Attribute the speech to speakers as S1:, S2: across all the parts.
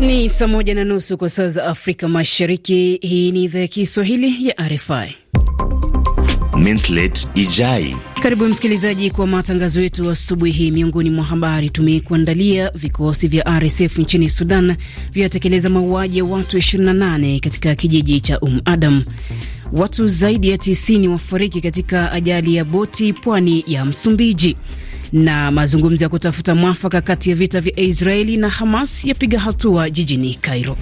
S1: Ni saa moja na nusu kwa saa za Afrika Mashariki. Hii ni idhaa ya Kiswahili ya RFI.
S2: Minslet Ijai.
S1: Karibu msikilizaji kwa matangazo yetu asubuhi hii. Miongoni mwa habari tumekuandalia: vikosi vya RSF nchini Sudan vyatekeleza mauaji ya watu 28 katika kijiji cha Um Adam. Watu zaidi ya 90 wafariki katika ajali ya boti pwani ya Msumbiji. Na mazungumzo ya kutafuta mwafaka kati ya vita vya Israeli na Hamas yapiga hatua jijini Cairo.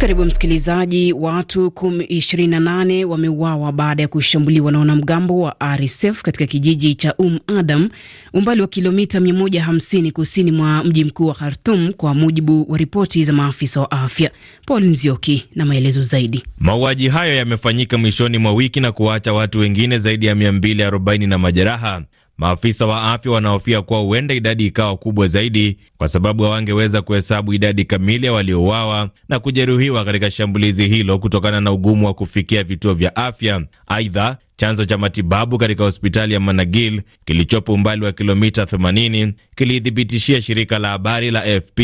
S1: Karibu msikilizaji. Watu 28 wameuawa baada ya kushambuliwa na wanamgambo wa RSF katika kijiji cha Um Adam, umbali wa kilomita 150 kusini mwa mji mkuu wa Khartum, kwa mujibu wa ripoti za maafisa wa afya. Paul Nzioki na maelezo zaidi.
S2: Mauaji hayo yamefanyika mwishoni mwa wiki na kuwaacha watu wengine zaidi ya 240 na majeraha. Maafisa wa afya wanahofia kuwa huenda idadi ikawa kubwa zaidi, kwa sababu hawangeweza kuhesabu idadi kamili ya waliouawa na kujeruhiwa katika shambulizi hilo kutokana na ugumu wa kufikia vituo vya afya. Aidha, chanzo cha matibabu katika hospitali ya Managil kilichopo umbali wa kilomita 80 kilithibitishia shirika la habari la AFP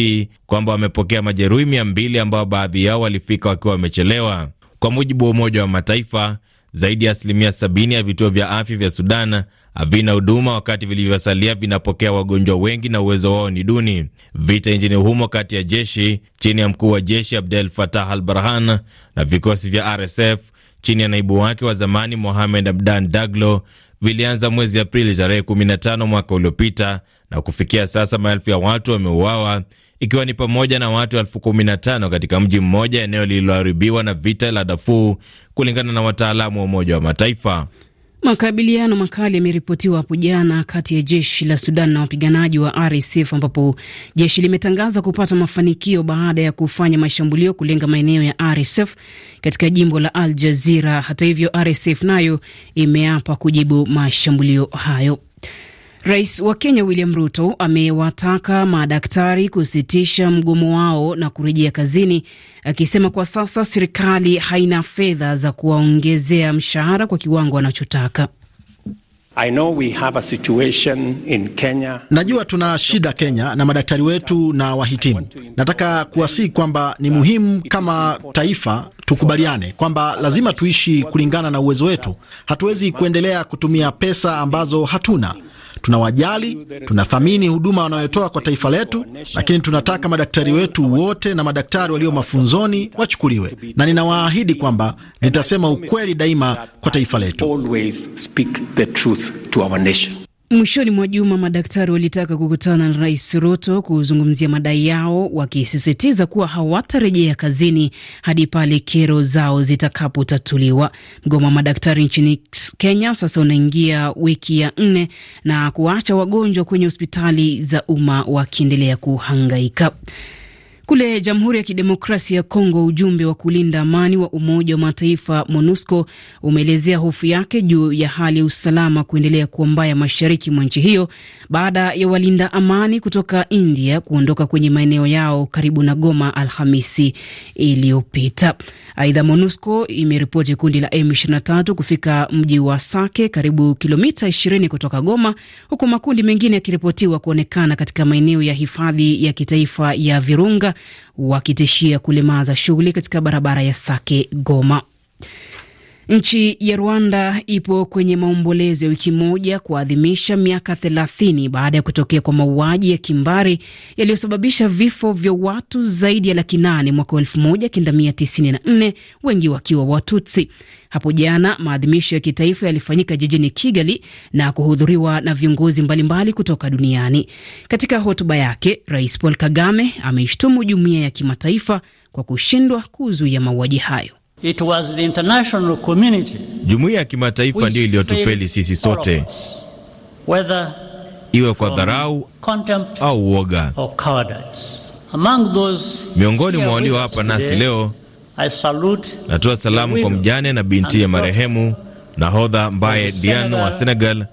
S2: kwamba wamepokea majeruhi mia mbili ambao baadhi yao walifika wakiwa wamechelewa. Kwa mujibu wa Umoja wa Mataifa, zaidi ya asilimia 70 ya vituo vya afya vya Sudan havina huduma, wakati vilivyosalia vinapokea wagonjwa wengi na uwezo wao ni duni. Vita nchini humo kati ya jeshi chini ya mkuu wa jeshi Abdel Fattah al Burhan na vikosi vya RSF chini ya naibu wake wa zamani Mohamed Abdan Daglo vilianza mwezi Aprili tarehe 15 mwaka uliopita, na kufikia sasa maelfu ya watu wameuawa ikiwa ni pamoja na watu elfu kumi na tano katika mji mmoja, eneo lililoharibiwa na vita la Darfur, kulingana na wataalamu wa Umoja wa Mataifa.
S1: Makabiliano makali yameripotiwa hapo jana kati ya jeshi la Sudan na wapiganaji wa RSF ambapo jeshi limetangaza kupata mafanikio baada ya kufanya mashambulio kulenga maeneo ya RSF katika jimbo la Al Jazira. Hata hivyo, RSF nayo imeapa kujibu mashambulio hayo. Rais wa Kenya William Ruto amewataka madaktari kusitisha mgomo wao na kurejea kazini, akisema kwa sasa serikali haina fedha za kuwaongezea mshahara kwa kiwango wanachotaka.
S3: I know we have a situation in Kenya.
S1: Najua tuna shida Kenya na madaktari wetu na wahitimu. Nataka
S3: kuwasihi kwamba ni muhimu kama taifa Tukubaliane kwamba lazima tuishi kulingana na uwezo wetu. Hatuwezi kuendelea kutumia pesa ambazo hatuna. Tunawajali, tunathamini huduma wanayotoa kwa taifa letu, lakini tunataka madaktari wetu wote na madaktari walio mafunzoni wachukuliwe, na ninawaahidi kwamba nitasema ukweli daima kwa taifa letu.
S1: Mwishoni mwa juma madaktari walitaka kukutana na Rais Ruto kuzungumzia madai yao, wakisisitiza kuwa hawatarejea kazini hadi pale kero zao zitakapotatuliwa. Mgomo wa madaktari nchini Kenya sasa unaingia wiki ya nne na kuwaacha wagonjwa kwenye hospitali za umma wakiendelea kuhangaika. Kule Jamhuri ya Kidemokrasia ya Kongo, ujumbe wa kulinda amani wa Umoja wa Mataifa MONUSCO umeelezea hofu yake juu ya hali ya usalama kuendelea kuwa mbaya mashariki mwa nchi hiyo baada ya walinda amani kutoka India kuondoka kwenye maeneo yao karibu na Goma Alhamisi iliyopita. Aidha, MONUSCO imeripoti kundi la M23 kufika mji wa Sake, karibu kilomita 20 kutoka Goma, huku makundi mengine yakiripotiwa kuonekana katika maeneo ya hifadhi ya kitaifa ya Virunga wakitishia kulemaza shughuli katika barabara ya Sake Goma. Nchi ya Rwanda ipo kwenye maombolezo ya wiki moja kuadhimisha miaka thelathini baada ya kutokea kwa mauaji ya kimbari yaliyosababisha vifo vya watu zaidi ya laki nane mwaka nne wengi wakiwa Watutsi. Hapo jana maadhimisho ya kitaifa yalifanyika jijini Kigali na kuhudhuriwa na viongozi mbalimbali kutoka duniani. Katika hotuba yake, Rais Paul Kagame ameishtumu jumuiya ya kimataifa kwa kushindwa kuzuia mauaji hayo.
S2: It was the international community. Jumuiya ya kimataifa ndiyo iliyotufeli sisi sote, iwe kwa dharau au uoga. Miongoni mwa walio hapa nasi leo, natoa salamu kwa mjane na binti ya marehemu nahodha mbaye Diano wa Senegal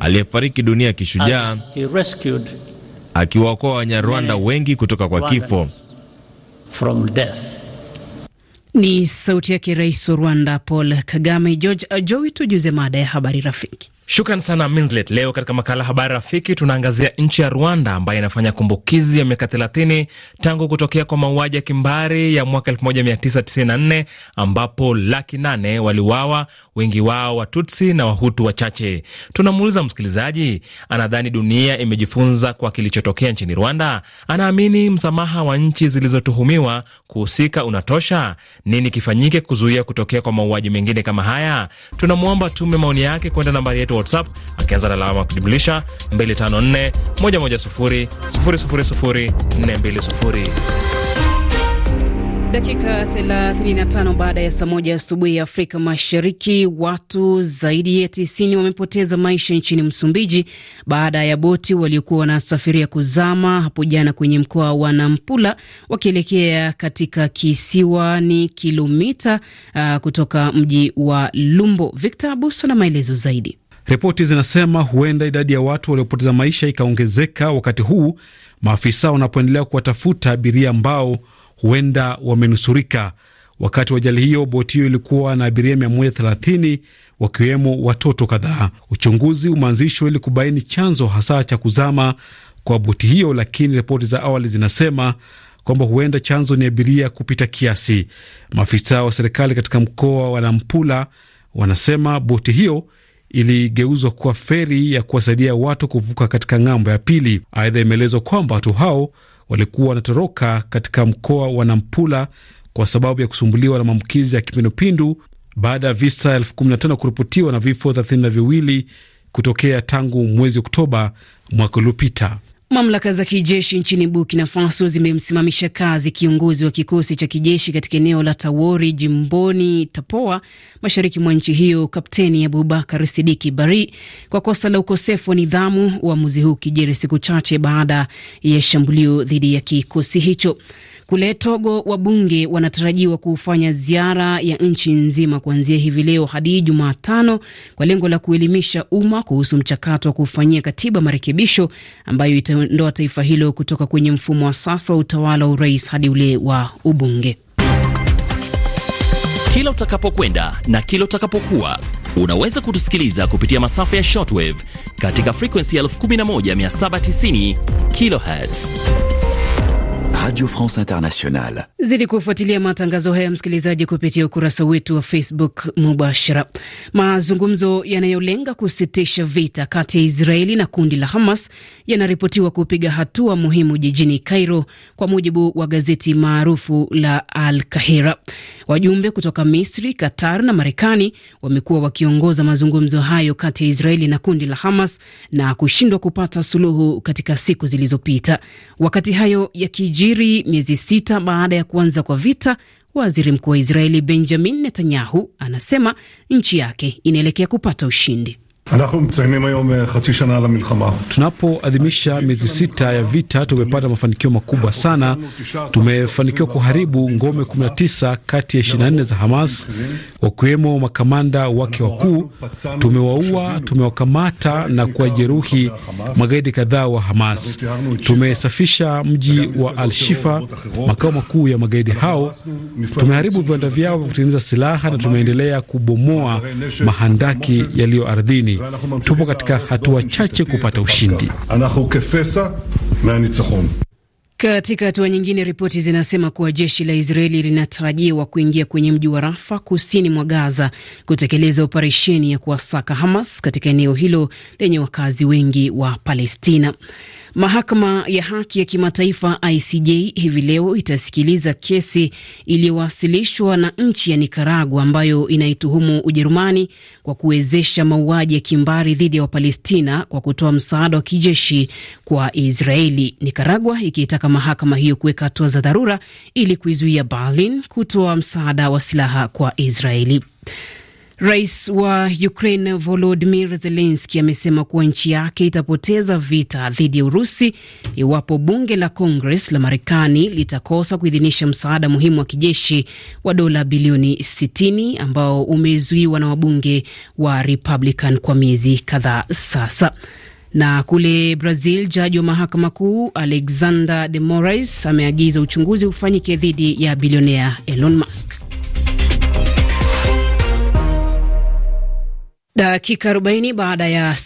S2: aliyefariki dunia kishujaa akiwaokoa Wanyarwanda wengi kutoka kwa kifo
S3: from death.
S1: Ni sauti yake Rais wa Rwanda Paul Kagame. George Ajoi, uh, tujuze mada ya habari rafiki. Shukran
S2: sana Minslet. Leo katika makala Habari Rafiki tunaangazia nchi ya Rwanda ambayo inafanya kumbukizi ya miaka 30 tangu kutokea kwa mauaji ya kimbari ya mwaka 1994 ambapo laki nane waliuawa, wengi wao Watutsi na Wahutu wachache. Tunamuuliza msikilizaji, anadhani dunia imejifunza kwa kilichotokea nchini Rwanda? Anaamini msamaha wa nchi zilizotuhumiwa kuhusika unatosha? Nini kifanyike kuzuia kutokea kwa mauaji mengine kama haya? Tunamwomba tume maoni yake kwenda nambari yetu WhatsApp akianza na alama kujumlisha 254 110 000 420.
S1: Dakika 35 baada ya saa moja asubuhi ya Afrika Mashariki, watu zaidi ya tisini wamepoteza maisha nchini Msumbiji baada ya boti waliokuwa wanasafiria kuzama hapo jana kwenye mkoa wa Nampula wakielekea katika kisiwa ni kilomita uh, kutoka mji wa Lumbo. Victor Abuso na maelezo zaidi. Ripoti
S3: zinasema huenda idadi ya watu waliopoteza maisha ikaongezeka wakati huu maafisa wanapoendelea kuwatafuta abiria ambao huenda wamenusurika. Wakati wa ajali hiyo, boti hiyo ilikuwa na abiria 130 wakiwemo watoto kadhaa. Uchunguzi umeanzishwa ili kubaini chanzo hasa cha kuzama kwa boti hiyo, lakini ripoti za awali zinasema kwamba huenda chanzo ni abiria kupita kiasi. Maafisa wa serikali katika mkoa wa Nampula wanasema boti hiyo iligeuzwa kuwa feri ya kuwasaidia watu kuvuka katika ng'ambo ya pili. Aidha, imeelezwa kwamba watu hao walikuwa wanatoroka katika mkoa wa Nampula kwa sababu ya kusumbuliwa na maambukizi ya kipindupindu baada ya visa 15 kuripotiwa na vifo 3 kutokea tangu mwezi Oktoba mwaka uliopita.
S1: Mamlaka za kijeshi nchini Burkina Faso zimemsimamisha kazi kiongozi wa kikosi cha kijeshi katika eneo la Tawori jimboni Tapoa, mashariki mwa nchi hiyo, Kapteni Abubakar Sidiki Bari kwa kosa la ukosefu wa nidhamu, uamuzi huu kijeri siku chache baada ya shambulio dhidi ya kikosi hicho. Kule Togo, wabunge wanatarajiwa kufanya ziara ya nchi nzima kuanzia hivi leo hadi Jumatano kwa lengo la kuelimisha umma kuhusu mchakato wa kufanyia katiba marekebisho ambayo itaondoa taifa hilo kutoka kwenye mfumo wa sasa wa utawala wa urais hadi ule wa ubunge.
S2: Kila utakapokwenda na kila utakapokuwa unaweza kutusikiliza kupitia masafa ya shortwave katika frequency 11790 kilohertz. Radio France Internationale.
S1: Zidi kufuatilia matangazo haya msikilizaji, kupitia ukurasa wetu wa Facebook mubashara. Mazungumzo yanayolenga kusitisha vita kati ya Israeli na kundi la Hamas yanaripotiwa kupiga hatua muhimu jijini Cairo, kwa mujibu wa gazeti maarufu la Al Kahira. Wajumbe kutoka Misri, Qatar na Marekani wamekuwa wakiongoza mazungumzo hayo kati ya Israeli na kundi la Hamas na kushindwa kupata suluhu katika siku zilizopita. Wakati hayo yakijiri yanajiri miezi sita baada ya kuanza kwa vita. Waziri mkuu wa Israeli Benjamin Netanyahu anasema nchi yake inaelekea kupata ushindi.
S3: Tunapoadhimisha miezi sita ya vita, tumepata mafanikio makubwa sana. Tumefanikiwa kuharibu ngome 19 kati ya 24 za Hamas, wakiwemo makamanda wake wakuu. Tumewaua, tumewakamata na kuwajeruhi magaidi kadhaa wa Hamas. Tumesafisha mji wa Al-Shifa, makao makuu ya magaidi hao. Tumeharibu viwanda vyao vya kutengeneza silaha na tumeendelea kubomoa mahandaki yaliyo ardhini tupo katika hatua chache kupata ushindi.
S1: Katika hatua nyingine, ripoti zinasema kuwa jeshi la Israeli linatarajiwa kuingia kwenye mji wa Rafa kusini mwa Gaza kutekeleza operesheni ya kuwasaka Hamas katika eneo hilo lenye wakazi wengi wa Palestina. Mahakama ya Haki ya Kimataifa ICJ hivi leo itasikiliza kesi iliyowasilishwa na nchi ya Nikaragua ambayo inaituhumu Ujerumani kwa kuwezesha mauaji ya kimbari dhidi ya Wapalestina kwa kutoa msaada wa kijeshi kwa Israeli. Nikaragua ikiitaka mahakama hiyo kuweka hatua za dharura ili kuizuia Berlin kutoa msaada wa silaha kwa Israeli. Rais wa Ukraine Volodimir Zelenski amesema kuwa nchi yake itapoteza vita dhidi ya Urusi iwapo bunge la Congress la Marekani litakosa kuidhinisha msaada muhimu wa kijeshi wa dola bilioni 60 ambao umezuiwa na wabunge wa Republican kwa miezi kadhaa sasa. Na kule Brazil, jaji wa mahakama kuu Alexander de Moraes ameagiza uchunguzi ufanyike dhidi ya bilionea Elon Musk. Dakika 40 baada ya